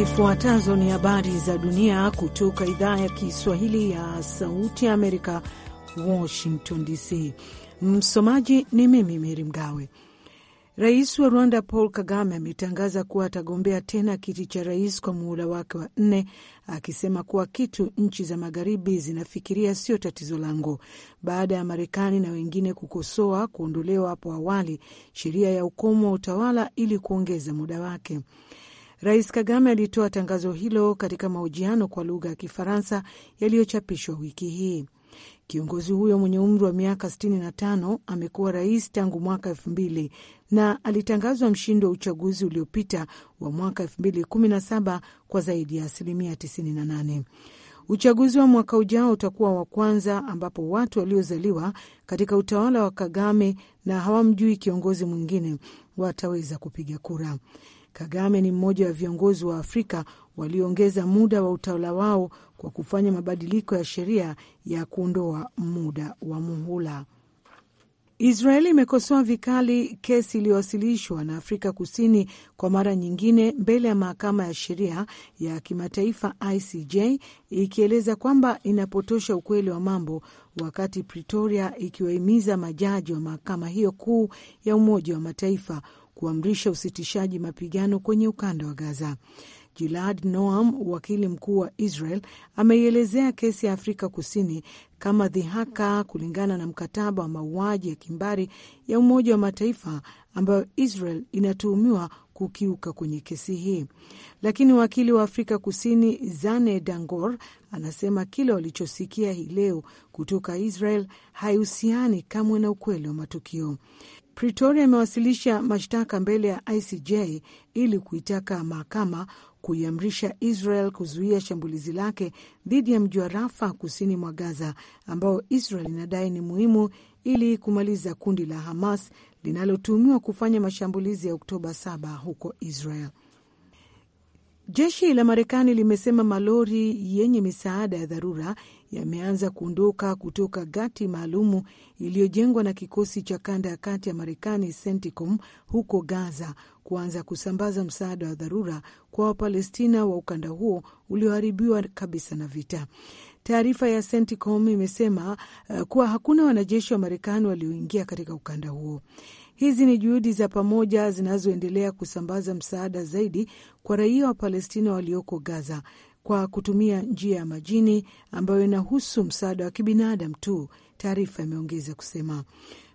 Zifuatazo ni habari za dunia kutoka idhaa ya Kiswahili ya Sauti ya Amerika, Washington DC. Msomaji ni mimi Meri Mgawe. Rais wa Rwanda Paul Kagame ametangaza kuwa atagombea tena kiti cha rais kwa muhula wake wa nne, akisema kuwa kitu nchi za magharibi zinafikiria sio tatizo langu, baada ya Marekani na wengine kukosoa kuondolewa hapo awali sheria ya ukomo wa utawala ili kuongeza muda wake. Rais Kagame alitoa tangazo hilo katika mahojiano kwa lugha ya Kifaransa yaliyochapishwa wiki hii. Kiongozi huyo mwenye umri wa miaka 65 amekuwa rais tangu mwaka 2000 na alitangazwa mshindi wa uchaguzi uliopita wa mwaka 2017 kwa zaidi ya asilimia 98. Uchaguzi wa mwaka ujao utakuwa wa kwanza ambapo watu waliozaliwa katika utawala wa Kagame na hawamjui kiongozi mwingine wataweza kupiga kura. Kagame ni mmoja wa viongozi wa Afrika walioongeza muda wa utawala wao kwa kufanya mabadiliko ya sheria ya kuondoa muda wa muhula. Israeli imekosoa vikali kesi iliyowasilishwa na Afrika Kusini kwa mara nyingine mbele ya mahakama ya sheria ya kimataifa ICJ, ikieleza kwamba inapotosha ukweli wa mambo, wakati Pretoria ikiwahimiza majaji wa mahakama hiyo kuu ya Umoja wa Mataifa kuamrisha usitishaji mapigano kwenye ukanda wa Gaza. Gilad Noam, wakili mkuu wa Israel, ameielezea kesi ya Afrika Kusini kama dhihaka kulingana na mkataba wa mauaji ya kimbari ya Umoja wa Mataifa ambayo Israel inatuhumiwa kukiuka kwenye kesi hii. Lakini wakili wa Afrika Kusini Zane Dangor anasema kile walichosikia hii leo kutoka Israel haihusiani kamwe na ukweli wa matukio. Pretoria imewasilisha mashtaka mbele ya ICJ ili kuitaka mahakama kuiamrisha Israel kuzuia shambulizi lake dhidi ya mji wa Rafa kusini mwa Gaza, ambao Israel inadai ni muhimu ili kumaliza kundi la Hamas linalotumiwa kufanya mashambulizi ya Oktoba 7 huko Israel. Jeshi la Marekani limesema malori yenye misaada ya dharura yameanza kuondoka kutoka gati maalumu iliyojengwa na kikosi cha kanda ya kati ya Marekani, CENTCOM, huko Gaza, kuanza kusambaza msaada wa dharura kwa Wapalestina wa ukanda huo ulioharibiwa kabisa na vita. Taarifa ya CENTCOM imesema uh, kuwa hakuna wanajeshi wa Marekani walioingia katika ukanda huo. Hizi ni juhudi za pamoja zinazoendelea kusambaza msaada zaidi kwa raia wa Palestina walioko Gaza kwa kutumia njia ya majini ambayo inahusu msaada wa kibinadamu tu, taarifa imeongeza kusema.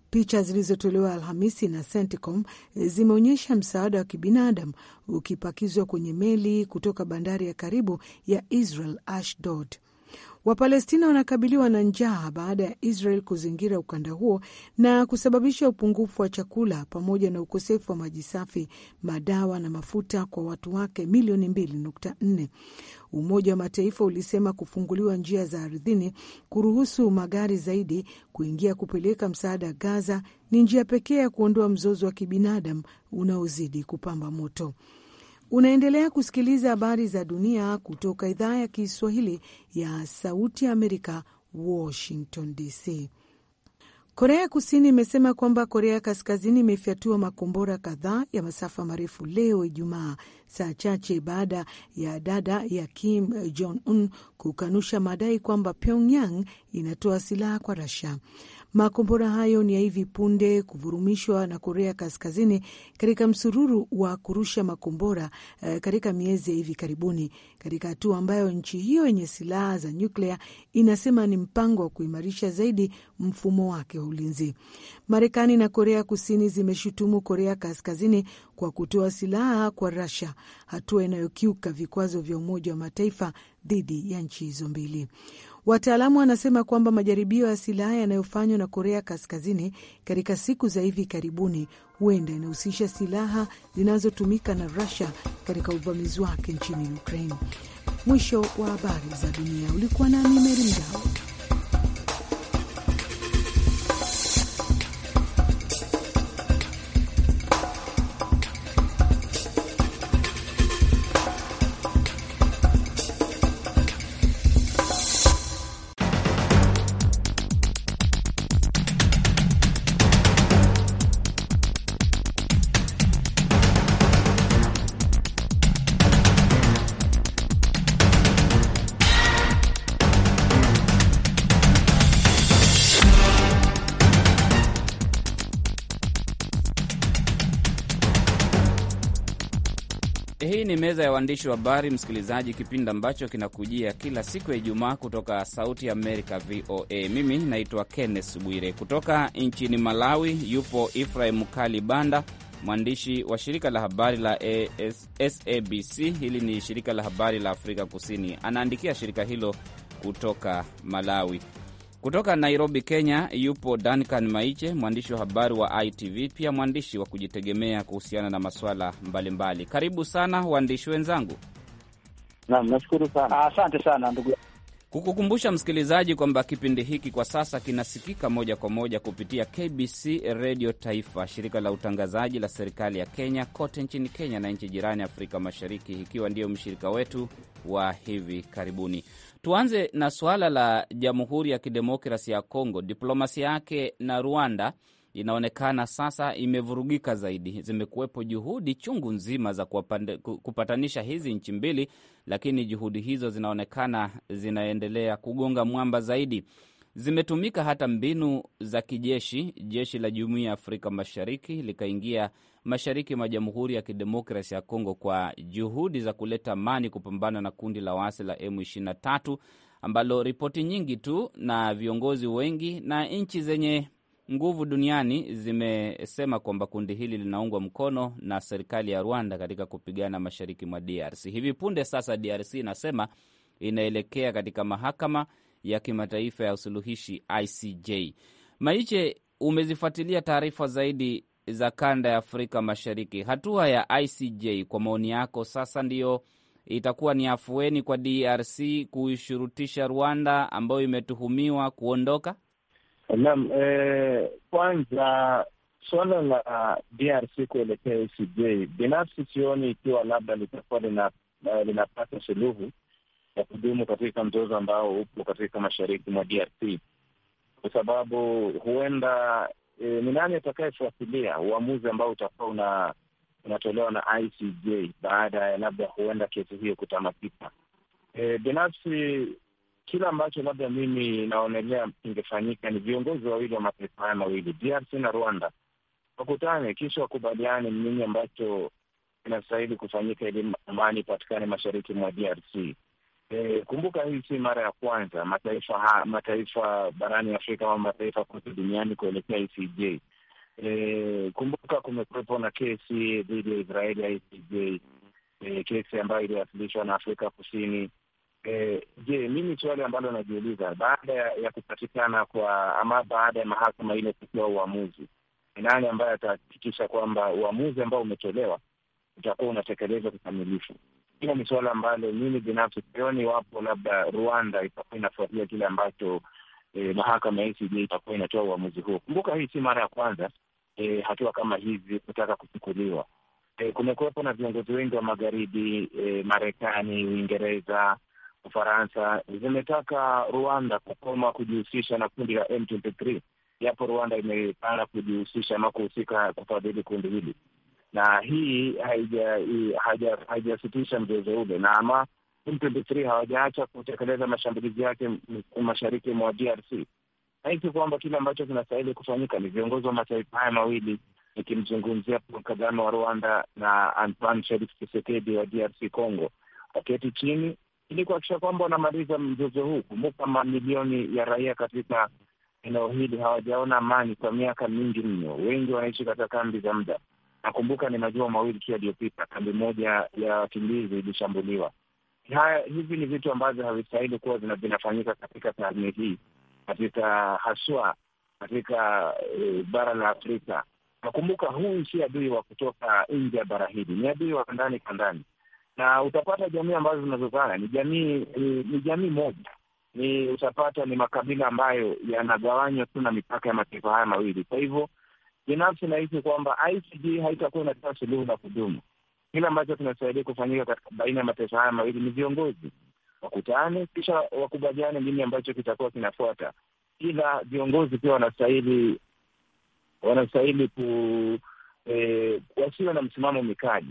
Picha zilizotolewa Alhamisi na Centicom eh, zimeonyesha msaada wa kibinadamu ukipakizwa kwenye meli kutoka bandari ya karibu ya Israel Ashdod. Wapalestina wanakabiliwa na njaa baada ya Israel kuzingira ukanda huo na kusababisha upungufu wa chakula pamoja na ukosefu wa maji safi, madawa na mafuta kwa watu wake milioni 2.4. Umoja wa Mataifa ulisema kufunguliwa njia za ardhini kuruhusu magari zaidi kuingia kupeleka msaada Gaza ni njia pekee ya kuondoa mzozo wa kibinadamu unaozidi kupamba moto. Unaendelea kusikiliza habari za dunia kutoka idhaa ya Kiswahili ya Sauti ya Amerika, Washington DC. Korea ya Kusini imesema kwamba Korea Kaskazini imefyatua makombora kadhaa ya masafa marefu leo Ijumaa, saa chache baada ya dada ya Kim Jong Un kukanusha madai kwamba Pyongyang inatoa silaha kwa rasia Makombora hayo ni ya hivi punde kuvurumishwa na Korea Kaskazini katika msururu wa kurusha makombora eh, katika miezi ya hivi karibuni, katika hatua ambayo nchi hiyo yenye silaha za nyuklia inasema ni mpango wa kuimarisha zaidi mfumo wake wa ulinzi. Marekani na Korea Kusini zimeshutumu Korea Kaskazini kwa kutoa silaha kwa Russia, hatua inayokiuka vikwazo vya Umoja wa Mataifa dhidi ya nchi hizo mbili. Wataalamu wanasema kwamba majaribio ya silaha yanayofanywa na Korea Kaskazini katika siku za hivi karibuni huenda inahusisha silaha zinazotumika na rusia katika uvamizi wake nchini Ukraine. Mwisho wa habari za dunia. Ulikuwa nami Meri Mgawo. waandishi wa habari, msikilizaji, kipindi ambacho kinakujia kila siku ya Ijumaa kutoka Sauti ya Amerika, VOA. Mimi naitwa Kenneth Bwire. Kutoka nchini Malawi yupo Ifrahim Kali Banda, mwandishi wa shirika la habari la AS, SABC. Hili ni shirika la habari la Afrika Kusini, anaandikia shirika hilo kutoka Malawi. Kutoka Nairobi, Kenya, yupo Duncan Maiche, mwandishi wa habari wa ITV, pia mwandishi wa kujitegemea kuhusiana na masuala mbalimbali. Karibu sana waandishi wenzangu. Naam, nashukuru sana, ah, asante sana ndugu. Kukukumbusha msikilizaji kwamba kipindi hiki kwa sasa kinasikika moja kwa moja kupitia KBC redio Taifa, shirika la utangazaji la serikali ya Kenya kote nchini Kenya na nchi jirani Afrika Mashariki, ikiwa ndiyo mshirika wetu wa hivi karibuni. Tuanze na suala la Jamhuri ya Kidemokrasi ya Kongo. Diplomasia yake na Rwanda inaonekana sasa imevurugika zaidi. Zimekuwepo juhudi chungu nzima za kupatanisha hizi nchi mbili, lakini juhudi hizo zinaonekana zinaendelea kugonga mwamba zaidi. Zimetumika hata mbinu za kijeshi. Jeshi la Jumuiya ya Afrika Mashariki likaingia mashariki mwa Jamhuri ya Kidemokrasi ya Kongo kwa juhudi za kuleta amani, kupambana na kundi la waasi la M23 ambalo ripoti nyingi tu na viongozi wengi na nchi zenye nguvu duniani zimesema kwamba kundi hili linaungwa mkono na serikali ya Rwanda katika kupigana mashariki mwa DRC. Hivi punde sasa DRC inasema inaelekea katika mahakama ya kimataifa ya usuluhishi ICJ. Maiche, umezifuatilia taarifa zaidi za kanda ya Afrika Mashariki. Hatua ya ICJ kwa maoni yako sasa ndiyo itakuwa ni afueni kwa DRC kuishurutisha Rwanda ambayo imetuhumiwa kuondoka? Naam, eh, kwanza suala la DRC kuelekea ICJ binafsi sioni ikiwa labda litakuwa eh, linapata suluhu ya kudumu katika mzozo ambao upo katika mashariki mwa DRC, kwa sababu huenda e, ni nani atakayefuatilia uamuzi ambao utakuwa una unatolewa na ICJ baada ya labda huenda kesi hiyo kutamatika. E, binafsi kila ambacho labda mimi naonelea ingefanyika ni viongozi wawili wa mataifa haya mawili DRC na Rwanda wakutane, kisha wakubaliane nini ambacho inastahili kufanyika ili amani ipatikane mashariki mwa DRC. E, kumbuka hii si mara ya kwanza mataifa ha, mataifa barani Afrika ama mataifa kote duniani kuelekea ICJ. E, eh, kumbuka kumekuwepo na kesi dhidi ya Israeli ya ICJ, e, eh, kesi ambayo iliwasilishwa na Afrika Kusini. E, je, mimi swali ambalo najiuliza baada ya kupatikana kwa ama baada ya mahakama ile kutoa uamuzi, ni nani ambaye atahakikisha kwamba uamuzi ambao umetolewa utakuwa unatekelezwa kikamilifu? Hilo ni suala ambalo mimi binafsi sioni iwapo labda Rwanda itakuwa inafuatilia kile ambacho eh, mahakama ya ICJ itakuwa inatoa uamuzi huo. Kumbuka hii si mara ya kwanza eh, hatua kama hizi kutaka kuchukuliwa. Eh, kumekuwepo na viongozi wengi wa magharibi eh, Marekani, Uingereza, Ufaransa zimetaka Rwanda kukoma kujihusisha na kundi la M23 japo Rwanda imekana kujihusisha ama kuhusika kufadhili kundi hili na hii haijasitisha mzozo ule, na ama M23 hawajaacha kutekeleza mashambulizi yake mashariki mwa DRC. Nahisi kwamba kile ambacho kinastahili kufanyika ni viongozi wa mataifa haya mawili, nikimzungumzia Paul Kagame wa Rwanda na Antoine Felix Tshisekedi wa DRC Congo, waketi chini ili kuhakikisha kwamba wanamaliza mzozo huu. Kumbuka, mamilioni ya raia katika eneo hili hawajaona amani kwa miaka mingi mno, wengi wanaishi katika kambi za muda. Nakumbuka ni majuma mawili tu yaliyopita, kambi moja ya wakimbizi ilishambuliwa. Haya, hivi ni vitu ambavyo havistahili kuwa vinafanyika katika karne hii, katika haswa katika e, bara la Afrika. Nakumbuka huu si adui wa kutoka nje ya bara hili, ni adui wa ndani kwa ndani, na utapata jamii ambazo zinazozana ni jamii ni, ni jamii moja ni utapata ni makabila ambayo yanagawanywa tu na mipaka ya mataifa haya mawili. Kwa hivyo binafsi nahisi kwamba ICJ haitakuwa inatoa suluhu la kudumu. Kile ambacho kinasaidia kufanyika baina ya mataifa haya mawili ni viongozi wakutane, kisha wakubaliane nini ambacho kitakuwa kinafuata. Ila viongozi pia wanastahili wanastahili ku e, wasiwe na msimamo mikali,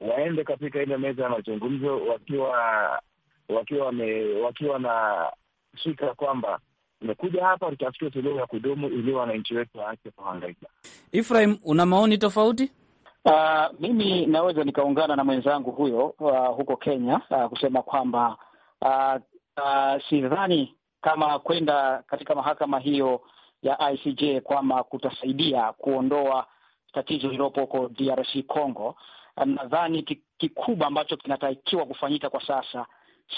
waende katika ile meza ya mazungumzo wakiwa wakiwa wakiwa na shika kwamba umekuja hapa utafute suluhu ya kudumu ili wananchi wetu waache kuhangaika. Ifrahim, una maoni tofauti? Uh, mimi naweza nikaungana na mwenzangu huyo uh, huko Kenya uh, kusema kwamba uh, uh, sidhani kama kwenda katika mahakama hiyo ya ICJ kwama kutasaidia kuondoa tatizo lililopo huko DRC Congo. Nadhani kikubwa ambacho kinatakiwa kufanyika kwa sasa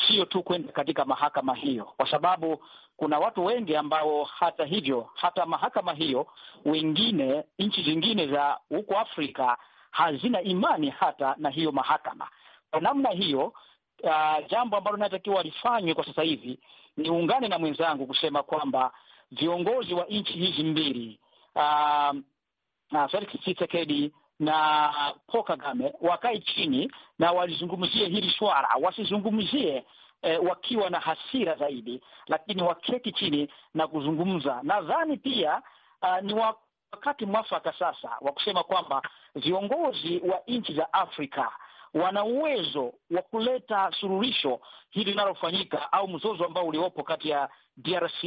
sio tu kwenda katika mahakama hiyo, kwa sababu kuna watu wengi ambao hata hivyo, hata mahakama hiyo, wengine nchi zingine za huko Afrika hazina imani hata na hiyo mahakama. Kwa namna hiyo, uh, jambo ambalo linatakiwa lifanywe kwa sasa hivi, niungane na mwenzangu kusema kwamba viongozi wa nchi hizi mbili uh, uh, Felix Tshisekedi na Paul Kagame wakae chini na walizungumzie hili swala, wasizungumzie E, wakiwa na hasira zaidi, lakini waketi chini na kuzungumza. Nadhani pia uh, ni wakati mwafaka sasa wa kusema kwamba viongozi wa nchi za Afrika wana uwezo wa kuleta suluhisho hili linalofanyika au mzozo ambao uliopo kati ya DRC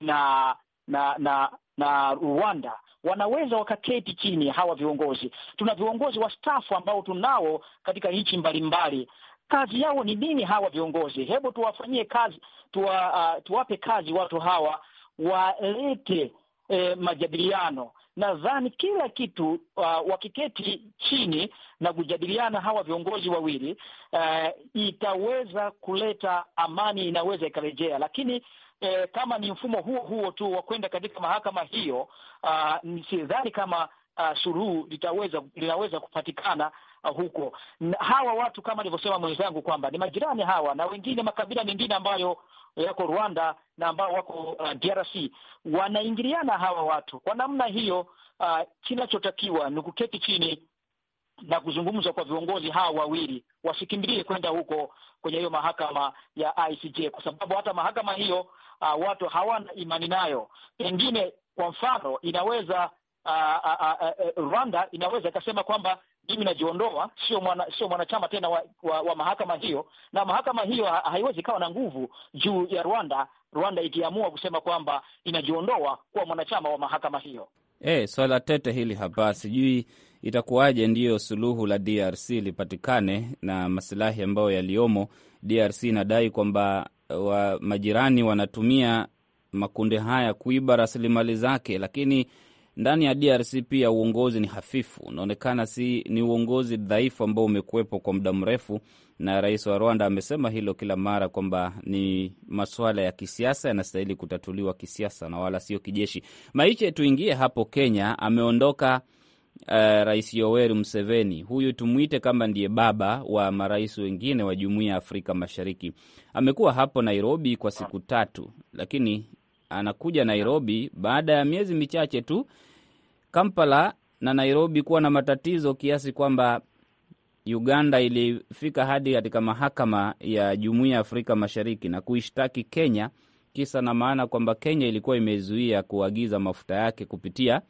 na na na na Rwanda wanaweza wakaketi chini. Hawa viongozi, tuna viongozi wastaafu ambao tunao katika nchi mbalimbali. Kazi yao ni nini hawa viongozi? Hebu tuwafanyie kazi, tuwa, uh, tuwape kazi watu hawa walete eh, majadiliano. Nadhani kila kitu uh, wakiketi chini na kujadiliana hawa viongozi wawili uh, itaweza kuleta amani, inaweza ikarejea, lakini e, kama ni mfumo huo huo tu wa kwenda katika mahakama hiyo, sidhani kama Uh, suluhu litaweza linaweza kupatikana uh, huko na, hawa watu kama alivyosema mwenzangu kwamba ni majirani hawa na wengine makabila mengine ambayo yako Rwanda na ambao wako uh, DRC wanaingiliana hawa watu kwa namna hiyo. Uh, kinachotakiwa ni kuketi chini na kuzungumza kwa viongozi hawa wawili, wasikimbilie kwenda huko kwenye hiyo mahakama ya ICJ kwa sababu hata mahakama hiyo uh, watu hawana imani nayo. Pengine kwa mfano inaweza uh, uh, uh, Rwanda inaweza ikasema kwamba mimi najiondoa, sio mwana, sio mwanachama tena wa, wa, wa mahakama hiyo, na mahakama hiyo ha, haiwezi ikawa na nguvu juu ya Rwanda, Rwanda ikiamua kusema kwamba inajiondoa kuwa mwanachama wa mahakama hiyo. Hey, eh, swala tete hili hapa, sijui itakuwaje ndiyo suluhu la DRC lipatikane na masilahi ambayo yaliyomo. DRC inadai kwamba wa majirani wanatumia makundi haya kuiba rasilimali zake, lakini ndani ya DRC pia uongozi ni hafifu, unaonekana si ni uongozi dhaifu ambao umekuwepo kwa muda mrefu, na rais wa Rwanda amesema hilo kila mara kwamba ni masuala ya kisiasa yanastahili kutatuliwa kisiasa na wala sio kijeshi. Maiche, tuingie hapo Kenya, ameondoka uh, Rais Yoweri Museveni, huyu tumwite kama ndiye baba wa marais wengine wa Jumuiya ya Afrika Mashariki, amekuwa hapo Nairobi kwa siku tatu, lakini anakuja Nairobi baada ya miezi michache tu Kampala na Nairobi kuwa na matatizo kiasi kwamba Uganda ilifika hadi katika mahakama ya Jumuiya ya Afrika Mashariki na kuishtaki Kenya, kisa na maana kwamba Kenya ilikuwa imezuia kuagiza mafuta yake kupitia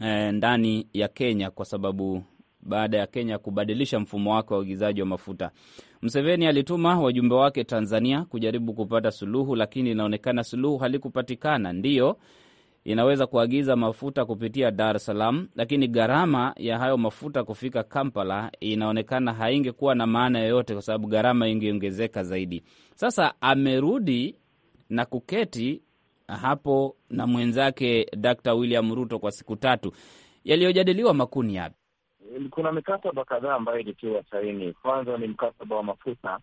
eh, ndani ya Kenya kwa sababu baada ya Kenya kubadilisha mfumo wake wa uagizaji wa mafuta. Mseveni alituma wajumbe wake Tanzania kujaribu kupata suluhu, lakini inaonekana suluhu halikupatikana. Ndiyo inaweza kuagiza mafuta kupitia Dar es Salaam, lakini gharama ya hayo mafuta kufika Kampala inaonekana haingekuwa na maana yoyote, kwa sababu gharama ingeongezeka zaidi. Sasa amerudi na kuketi hapo na mwenzake d William Ruto kwa siku tatu. Yaliyojadiliwa makuni yapi? Eh, kuna mikataba kadhaa ambayo ilitiwa saini. Kwanza ni mkataba wa mafuta.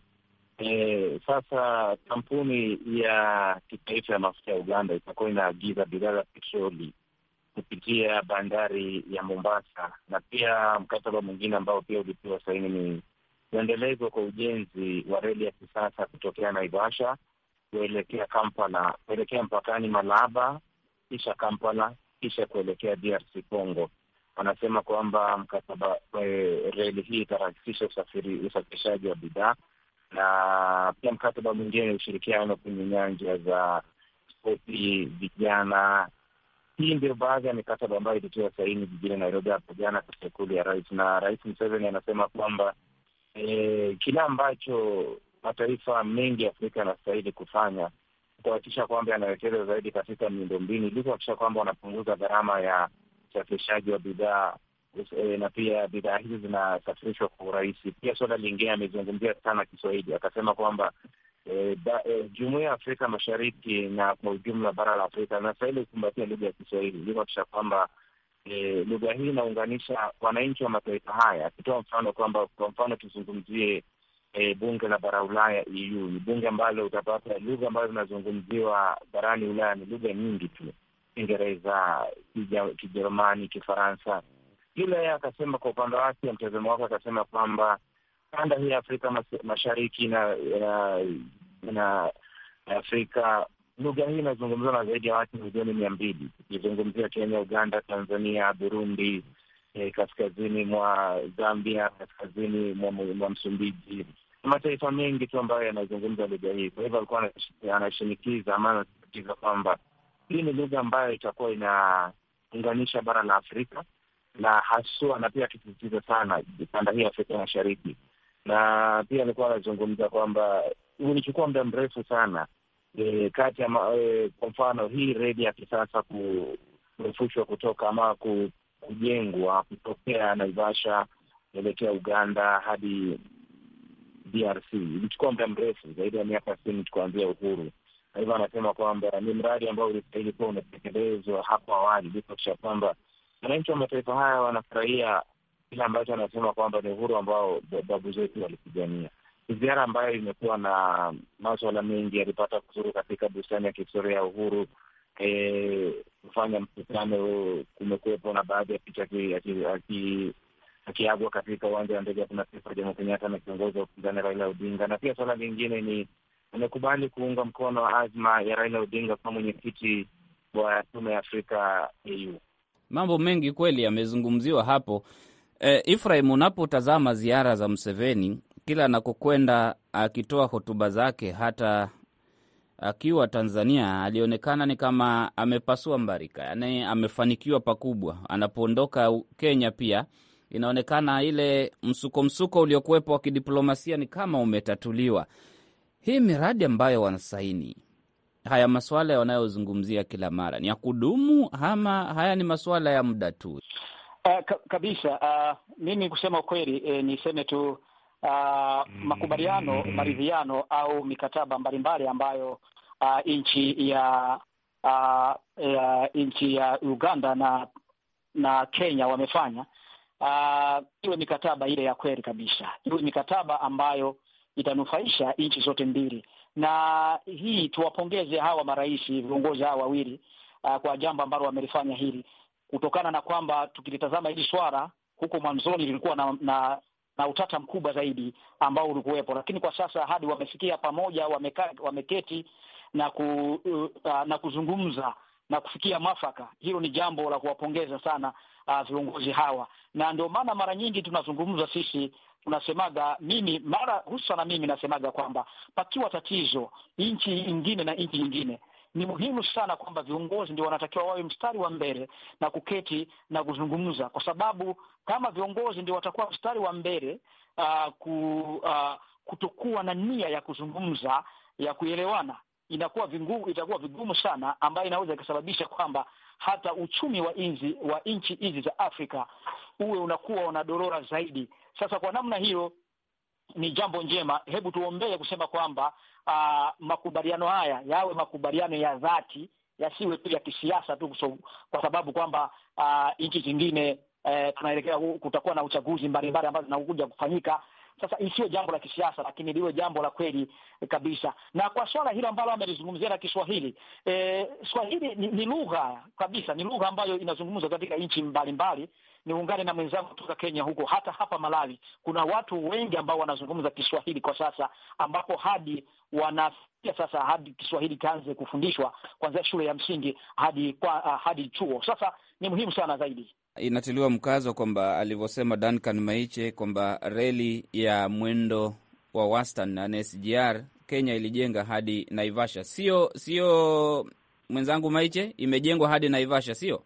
E, sasa kampuni ya kitaifa ya mafuta ya Uganda itakuwa inaagiza bidhaa za petroli kupitia bandari ya Mombasa, na pia mkataba mwingine ambao pia ulitiwa saini ni kuendelezwa kwa ujenzi wa reli ya kisasa kutokea Naivasha kuelekea Kampala, kuelekea mpakani Malaba, kisha Kampala, kisha kuelekea DRC Congo. Wanasema kwamba mkataba e, reli hii itarahisisha usafirishaji wa bidhaa na pia mkataba mwingine ni ushirikiano kwenye nyanja za spoti, vijana. Hii ndio baadhi ya mikataba ambayo ilitiwa saini jijini Nairobi hapo jana katika ikulu ya rais, na Rais Museveni anasema kwamba e, eh, kile ambacho mataifa mengi Afrika yanastahili kufanya kuhakikisha kwamba yanawekeza zaidi katika miundombinu ili kuhakikisha kwamba wanapunguza gharama ya usafirishaji wa bidhaa e, na pia bidhaa hizi zinasafirishwa kwa urahisi. Pia suala lingine amezungumzia sana Kiswahili, akasema kwamba e, e, jumuiya ya Afrika Mashariki na kwa ujumla bara la Afrika linastahili kukumbatia lugha ya Kiswahili ili kuhakikisha kwamba e, lugha hii inaunganisha wananchi wa mataifa haya, akitoa mfano kwamba kwa mfano tuzungumzie e, bunge la bara Ulaya EU ni bunge ambalo utapata lugha ambazo zinazungumziwa barani Ulaya ni lugha nyingi tu, Kiingereza, Kijerumani, Kifaransa. Yule yeye akasema kwa upande wake, mtazamo wake, akasema kwamba kanda hii ya Afrika mashariki na, na, na Afrika lugha hii inazungumziwa na zaidi ya watu milioni mia mbili ikizungumzia Kenya, Uganda, Tanzania, Burundi, eh, kaskazini mwa Zambia, kaskazini mwa Msumbiji, mataifa mengi tu ambayo yanazungumza lugha hii. Kwa hivyo alikuwa anashinikiza ama anasisitiza kwamba hii ni lugha ambayo itakuwa inaunganisha bara la Afrika na haswa, na pia akisisitiza sana kanda hii Afrika Mashariki, na pia alikuwa anazungumza kwamba ulichukua muda mrefu sana e, kati ya e, kwa mfano hii redi ya kisasa kurefushwa kutoka ama kujengwa kutokea Naivasha kuelekea Uganda hadi DRC. Ilichukua muda mrefu zaidi ya miaka sitini kuanzia uhuru. Kwa hivyo anasema kwamba ni mradi ambao ulistahili kuwa unatekelezwa hapo awali, licha kwamba wananchi wa mataifa haya wanafurahia kile ambacho anasema kwamba ni uhuru ambao babu zetu walipigania. Ziara ambayo imekuwa na maswala mengi, yalipata kuzuru katika bustani ya kihistoria ya Uhuru e, kufanya e, mkutano. Kumekuwepo na baadhi ya picha akiagwa katika uwanja wa ndege ya kimataifa Jomo Kenyatta na kiongozi wa upinzani Raila Odinga. Na pia suala lingine ni amekubali kuunga mkono azma ya Raila Odinga kama mwenyekiti wa tume ya Afrika AU. Mambo mengi kweli yamezungumziwa hapo. Efraim, eh, Ifrahim, unapotazama ziara za Mseveni kila anakokwenda akitoa hotuba zake, hata akiwa Tanzania alionekana ni kama amepasua mbarika, yaani amefanikiwa pakubwa. Anapoondoka Kenya pia inaonekana ile msuko msuko uliokuwepo wa kidiplomasia ni kama umetatuliwa. Hii miradi ambayo wanasaini haya masuala wanayozungumzia kila mara ni ya kudumu ama haya ni masuala ya muda tu? Uh, ka kabisa. Uh, mimi kusema ukweli, eh, niseme tu uh, makubaliano, mm-hmm. maridhiano au mikataba mbalimbali ambayo uh, nchi ya uh, ya nchi ya Uganda na na Kenya wamefanya uh, iwe mikataba ile ya kweli kabisa, iwe mikataba ambayo itanufaisha nchi zote mbili. Na hii tuwapongeze hawa marais, viongozi hawa wawili uh, kwa jambo ambalo wamelifanya hili, kutokana na kwamba tukilitazama hili swala huko mwanzoni lilikuwa na, na na utata mkubwa zaidi ambao ulikuwepo, lakini kwa sasa hadi wamefikia pamoja, wameka, wameketi na ku, uh, na kuzungumza na kufikia mwafaka. Hilo ni jambo la kuwapongeza sana uh, viongozi hawa, na ndio maana mara nyingi tunazungumza sisi tunasemaga mimi mara hususan na mimi nasemaga kwamba pakiwa tatizo nchi nyingine na nchi nyingine ni muhimu sana kwamba viongozi ndio wanatakiwa wawe mstari wa mbele na kuketi na kuzungumza, kwa sababu kama viongozi ndio watakuwa mstari wa mbele uh, ku, uh, kutokuwa na nia ya kuzungumza ya kuelewana, inakuwa vingu, itakuwa vigumu sana, ambayo inaweza ikasababisha kwamba hata uchumi wa inzi, wa nchi hizi za Afrika uwe unakuwa unadorora zaidi. Sasa kwa namna hiyo ni jambo njema, hebu tuombee kusema kwamba ah, makubaliano haya yawe makubaliano ya dhati, yasiwe tu ya kisiasa tu, kwa sababu kwamba ah, nchi zingine eh, tunaelekea kutakuwa na uchaguzi mbalimbali ambazo zinakuja kufanyika. Sasa isiwe jambo la kisiasa, lakini liwe jambo la kweli eh, kabisa. Na kwa swala hilo ambalo amelizungumzia la Kiswahili, e, Swahili ni, ni lugha kabisa, ni lugha ambayo inazungumzwa katika nchi mbalimbali. Niungane na mwenzangu kutoka Kenya huko, hata hapa Malawi kuna watu wengi ambao wanazungumza Kiswahili kwa sasa, ambapo hadi wana sasa hadi Kiswahili kianze kufundishwa kuanzia shule ya msingi hadi kwa, uh, hadi chuo. Sasa ni muhimu sana zaidi inatiliwa mkazo kwamba alivyosema Duncan Maiche kwamba reli ya mwendo wa wastan na SGR Kenya ilijenga hadi Naivasha, sio sio mwenzangu Maiche, imejengwa hadi Naivasha, sio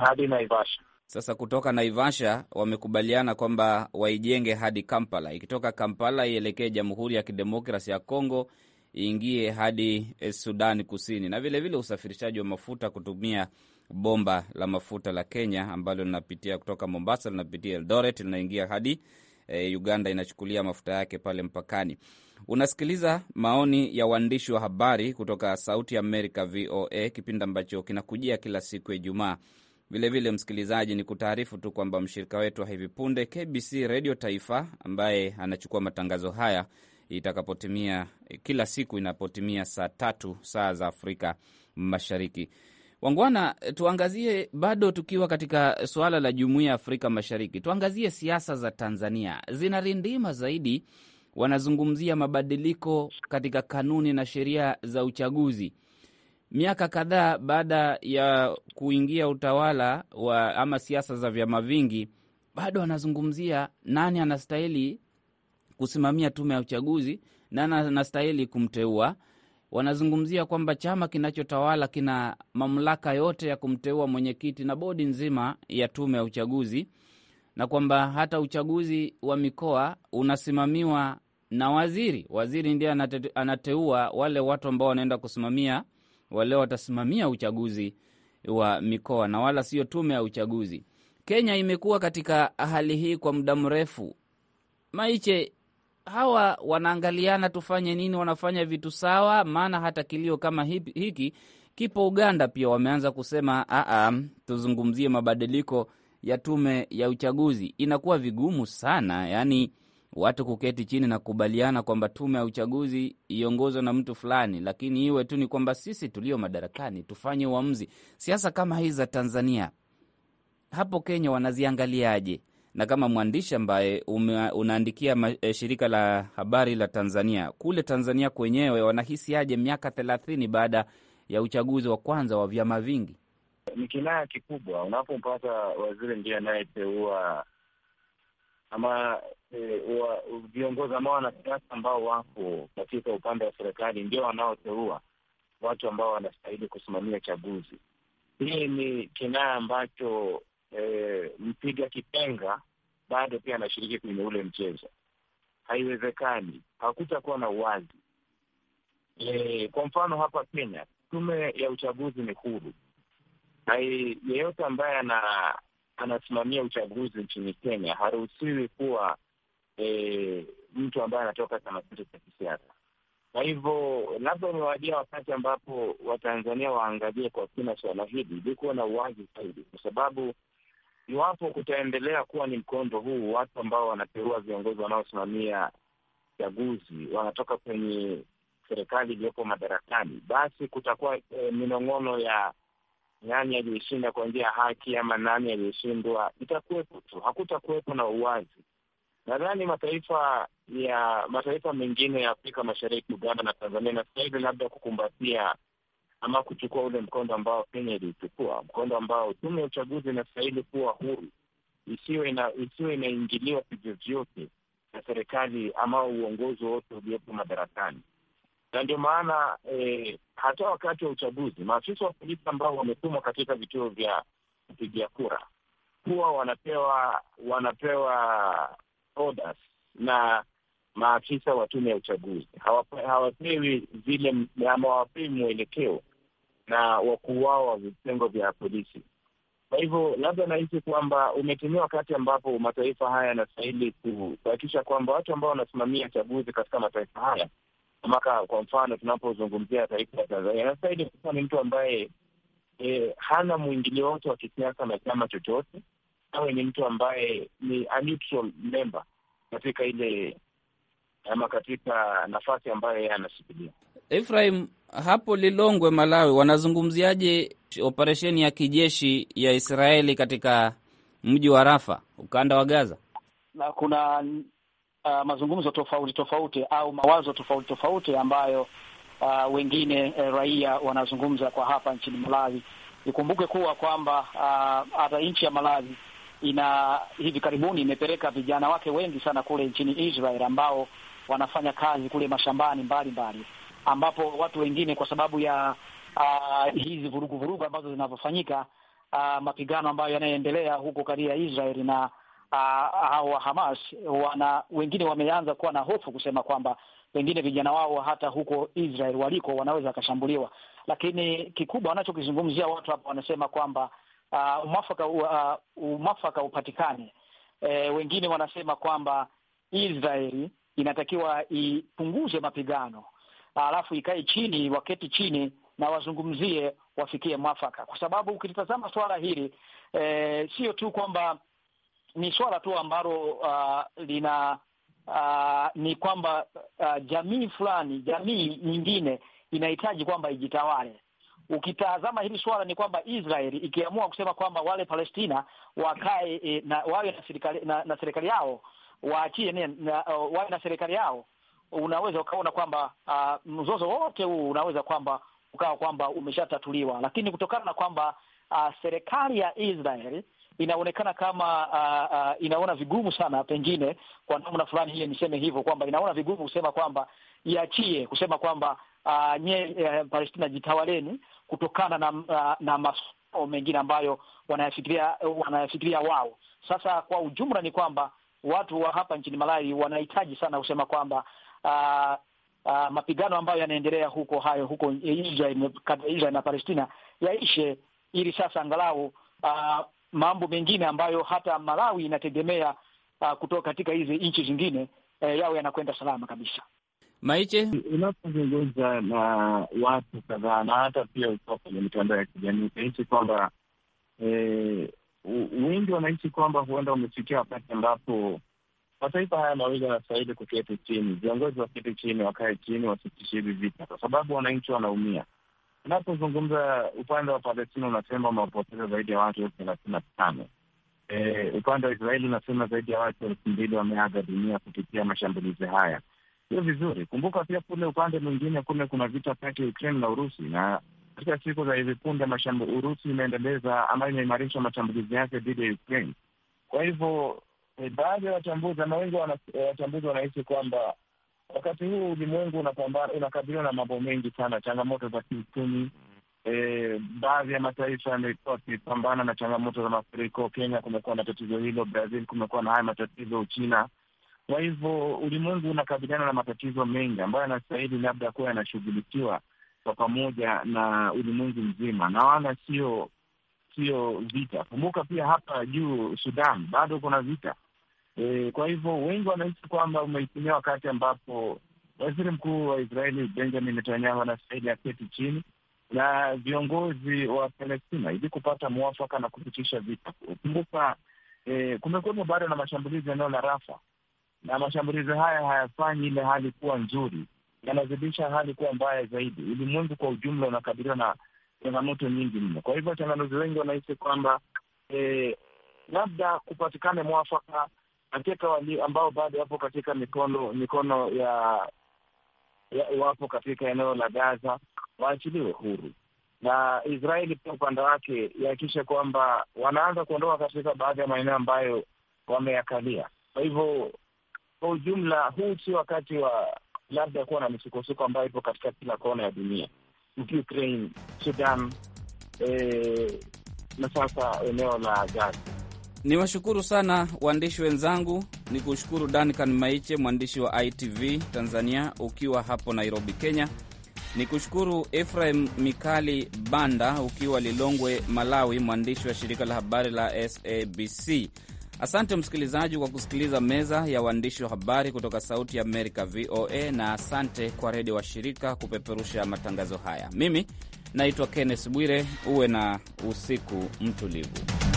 hadi Naivasha. Sasa kutoka Naivasha wamekubaliana kwamba waijenge hadi Kampala, ikitoka Kampala ielekee Jamhuri ya Kidemokrasi ya congo iingie hadi eh, Sudani Kusini, na vilevile vile usafirishaji wa mafuta kutumia bomba la mafuta la Kenya ambalo linapitia kutoka Mombasa, linapitia Eldoret, linaingia hadi e, Uganda, inachukulia mafuta yake pale mpakani. Unasikiliza maoni ya waandishi wa habari kutoka Sauti ya Amerika, VOA, kipindi ambacho kinakujia kila siku ya Ijumaa. Vilevile msikilizaji, ni kutaarifu tu kwamba mshirika wetu wa hivi punde KBC Redio Taifa ambaye anachukua matangazo haya itakapotimia kila siku inapotimia saa tatu saa za Afrika Mashariki. Wangwana, tuangazie bado tukiwa katika suala la jumuiya ya Afrika Mashariki, tuangazie siasa za Tanzania zinarindima zaidi. Wanazungumzia mabadiliko katika kanuni na sheria za uchaguzi miaka kadhaa baada ya kuingia utawala wa ama siasa za vyama vingi, bado wanazungumzia nani anastahili kusimamia tume ya uchaguzi, nani anastahili kumteua wanazungumzia kwamba chama kinachotawala kina mamlaka yote ya kumteua mwenyekiti na bodi nzima ya tume ya uchaguzi na kwamba hata uchaguzi wa mikoa unasimamiwa na waziri. Waziri ndiye anateua wale watu ambao wanaenda kusimamia, wale watasimamia uchaguzi wa mikoa na wala sio tume ya uchaguzi. Kenya imekuwa katika hali hii kwa muda mrefu. Maiche, hawa wanaangaliana, tufanye nini? Wanafanya vitu sawa, maana hata kilio kama hiki kipo Uganda pia. Wameanza kusema aa, ah, ah, tuzungumzie mabadiliko ya tume ya uchaguzi. Inakuwa vigumu sana, yaani watu kuketi chini na kukubaliana kwamba tume ya uchaguzi iongozwe na mtu fulani, lakini iwe tu ni kwamba sisi tulio madarakani tufanye uamuzi. Siasa kama hizi za Tanzania hapo Kenya wanaziangaliaje? na kama mwandishi ambaye unaandikia eh, shirika la habari la Tanzania, kule Tanzania kwenyewe wanahisi aje miaka thelathini baada ya uchaguzi wa kwanza wa vyama vingi? Ni kinaya kikubwa. Unapompata waziri ndiye anayeteua ama eh, viongozi e, ambao wanasiasa ambao wako katika upande wa serikali ndio wanaoteua watu ambao wanastahili kusimamia chaguzi. Hii ni kinaya ambacho e, mpiga kipenga bado pia anashiriki kwenye ule mchezo. Haiwezekani, hakutakuwa na uwazi. E, kwa mfano hapa Kenya tume ya uchaguzi ni huru na yeyote ambaye ana anasimamia uchaguzi nchini Kenya haruhusiwi kuwa e, mtu ambaye anatoka chama cha kisiasa. Kwa hivyo labda umewadia wakati ambapo Watanzania waangalie kwa kina suala hili likuwa na uwazi zaidi, kwa sababu Iwapo kutaendelea kuwa ni mkondo huu, watu ambao wanateua viongozi wanaosimamia chaguzi wanatoka kwenye serikali iliyopo madarakani, basi kutakuwa e, minong'ono ya nani aliyeshinda kwa njia ya haki ama nani aliyeshindwa itakuwepo tu, hakutakuwepo na uwazi. Nadhani mataifa ya mataifa mengine ya Afrika Mashariki, Uganda na Tanzania, na sasa hivi labda kukumbatia ama kuchukua ule mkondo ambao Kenya ilichukua, mkondo ambao tume ya uchaguzi inastahili kuwa huru, isiwe inaingiliwa isiwe inaingiliwa kivyovyote na serikali ama uongozi wote uliopo madarakani. Na ndio maana e, hata wakati wa uchaguzi maafisa wa polisi ambao wametumwa katika vituo vya kupigia kura huwa wanapewa wanapewa orders na maafisa wa tume ya uchaguzi hawapewi zile ama hawapewi mwelekeo na wakuu wao wa vitengo vya polisi. Kwa hivyo labda nahisi kwamba umetumia wakati ambapo mataifa haya yanastahili kuhakikisha kwamba watu ambao wanasimamia chaguzi katika mataifa haya maka, kwa mfano tunapozungumzia taifa ya Tanzania, anastahili kuwa ni mtu ambaye e, hana mwingilio wote wa kisiasa na chama chochote, awe ni mtu ambaye ni a neutral member katika ile ama katika nafasi ambayo yeye anashikilia. Efrahim, hapo Lilongwe, Malawi, wanazungumziaje operesheni ya kijeshi ya Israeli katika mji wa Rafa, ukanda wa Gaza? Na kuna uh, mazungumzo tofauti tofauti au mawazo tofauti tofauti ambayo uh, wengine uh, raia wanazungumza kwa hapa nchini Malawi. Ikumbuke kuwa kwamba uh, hata uh, nchi ya Malawi ina hivi karibuni imepeleka vijana wake wengi sana kule nchini Israel ambao wanafanya kazi kule mashambani mbalimbali, ambapo watu wengine kwa sababu ya uh, hizi vurugu vurugu ambazo zinazofanyika uh, ah, mapigano ambayo yanayoendelea huko kati ya Israel na ah, hao uh, wa Hamas, wana wengine wameanza kuwa na hofu kusema kwamba pengine vijana wao hata huko Israel waliko wanaweza wakashambuliwa, lakini kikubwa wanachokizungumzia watu hapa wanasema kwamba uh, mwafaka uh, upatikane. E, wengine wanasema kwamba Israeli inatakiwa ipunguze mapigano, alafu ikae chini, waketi chini na wazungumzie, wafikie mwafaka, kwa sababu ukilitazama swala hili e, sio tu kwamba ni swala tu ambalo uh, lina uh, ni kwamba uh, jamii fulani, jamii nyingine inahitaji kwamba ijitawale. Ukitazama hili swala ni kwamba Israel ikiamua kusema kwamba wale Palestina wakae e, na wawe na serikali na, na serikali yao waachie nenda, uh, wawe na serikali yao, unaweza ukaona kwamba uh, mzozo wote huu unaweza kwamba ukawa kwamba umeshatatuliwa, lakini kutokana na kwamba uh, serikali ya Israel inaonekana kama uh, uh, inaona vigumu sana, pengine kwa namna fulani hiyo niseme hivyo kwamba inaona vigumu kusema kwamba iachie kusema kwamba uh, nye uh, Palestina jitawaleni, kutokana na uh, na masomo mengine ambayo wanayafikiria wanayafikiria wao. Sasa kwa ujumla ni kwamba watu wa hapa nchini Malawi wanahitaji sana kusema kwamba uh, uh, mapigano ambayo yanaendelea huko hayo huko Israel, Israel na Palestina yaishe, ili sasa angalau uh, mambo mengine ambayo hata Malawi inategemea uh, kutoka katika hizi nchi zingine uh, eh, yawe yanakwenda salama kabisa. Maiche, unapozungumza na watu kadhaa na hata pia ukiwa kwenye mitandao ya kijamii kaisi kwamba eh, wengi wanahisi kwamba huenda wamefikia wakati ambapo mataifa haya mawili yanastahili kuketi chini, viongozi waketi chini, wakae chini, wasitishe hivi vita, kwa sababu wananchi wanaumia. Unapozungumza upande wa Palestina unasema umewapoteza zaidi ya watu elfu thelathini na tano. E, upande wa Israeli unasema zaidi ya watu elfu mbili wameaga dunia kupitia mashambulizi haya. Sio vizuri. Kumbuka pia kule upande mwingine kule kuna vita kati ya Ukraine na Urusi, na katika siku za hivi punde Urusi imeendeleza ambayo imeimarisha mashambulizi yake dhidi ya Ukraine. Kwa hivyo baadhi ya wachambuzi ama wengi eh, wachambuzi wanahisi kwamba wakati huu ulimwengu unakabiliwa na mambo mengi sana, changamoto za kiuchumi. E, baadhi ya mataifa yamekuwa akipambana na changamoto za mafuriko. Kenya kumekuwa na tatizo hilo, Brazil kumekuwa na haya matatizo, Uchina. Kwa hivyo ulimwengu unakabiliana na matatizo mengi ambayo yanastahili labda kuwa yanashughulikiwa kwa pamoja na ulimwengu mzima, na wala sio sio vita. Kumbuka pia hapa juu Sudan bado kuna vita e. Kwa hivyo wengi wanahisi kwamba umeitumia wakati ambapo waziri mkuu wa Israeli Benjamin Netanyahu ya aketi chini na viongozi wa Palestina ili kupata mwafaka na kupitisha vita. Kumbuka e, kumekuwepo bado na mashambulizi eneo la Rafa, na mashambulizi haya hayafanyi ile hali kuwa nzuri yanazidisha hali kuwa mbaya zaidi. Ulimwengu kwa ujumla unakabiliwa na changamoto nyingi mno. Kwa hivyo wachanganuzi wengi wanahisi kwamba eh, labda kupatikane mwafaka katika wali ambao bado wapo katika mikono mikono ya, ya wapo katika eneo la Gaza waachiliwe huru, na Israeli pia upande wake ihakikishe kwamba wanaanza kuondoka katika baadhi ya maeneo ambayo wameyakalia. Kwa hivyo, kwa ujumla, huu si wakati wa labda kuwa na misukosuko ambayo ipo katika kila kona ya dunia, uki Ukraine, Sudan e, na sasa eneo la Gaza. Ni washukuru sana waandishi wenzangu, ni kushukuru Duncan Maiche, mwandishi wa ITV Tanzania ukiwa hapo Nairobi, Kenya. Ni kushukuru efraim Mikali Banda ukiwa Lilongwe, Malawi, mwandishi wa shirika la habari la SABC. Asante msikilizaji kwa kusikiliza meza ya waandishi wa habari kutoka Sauti ya Amerika, VOA, na asante kwa redio wa shirika kupeperusha matangazo haya. Mimi naitwa Kenneth Bwire. Uwe na usiku mtulivu.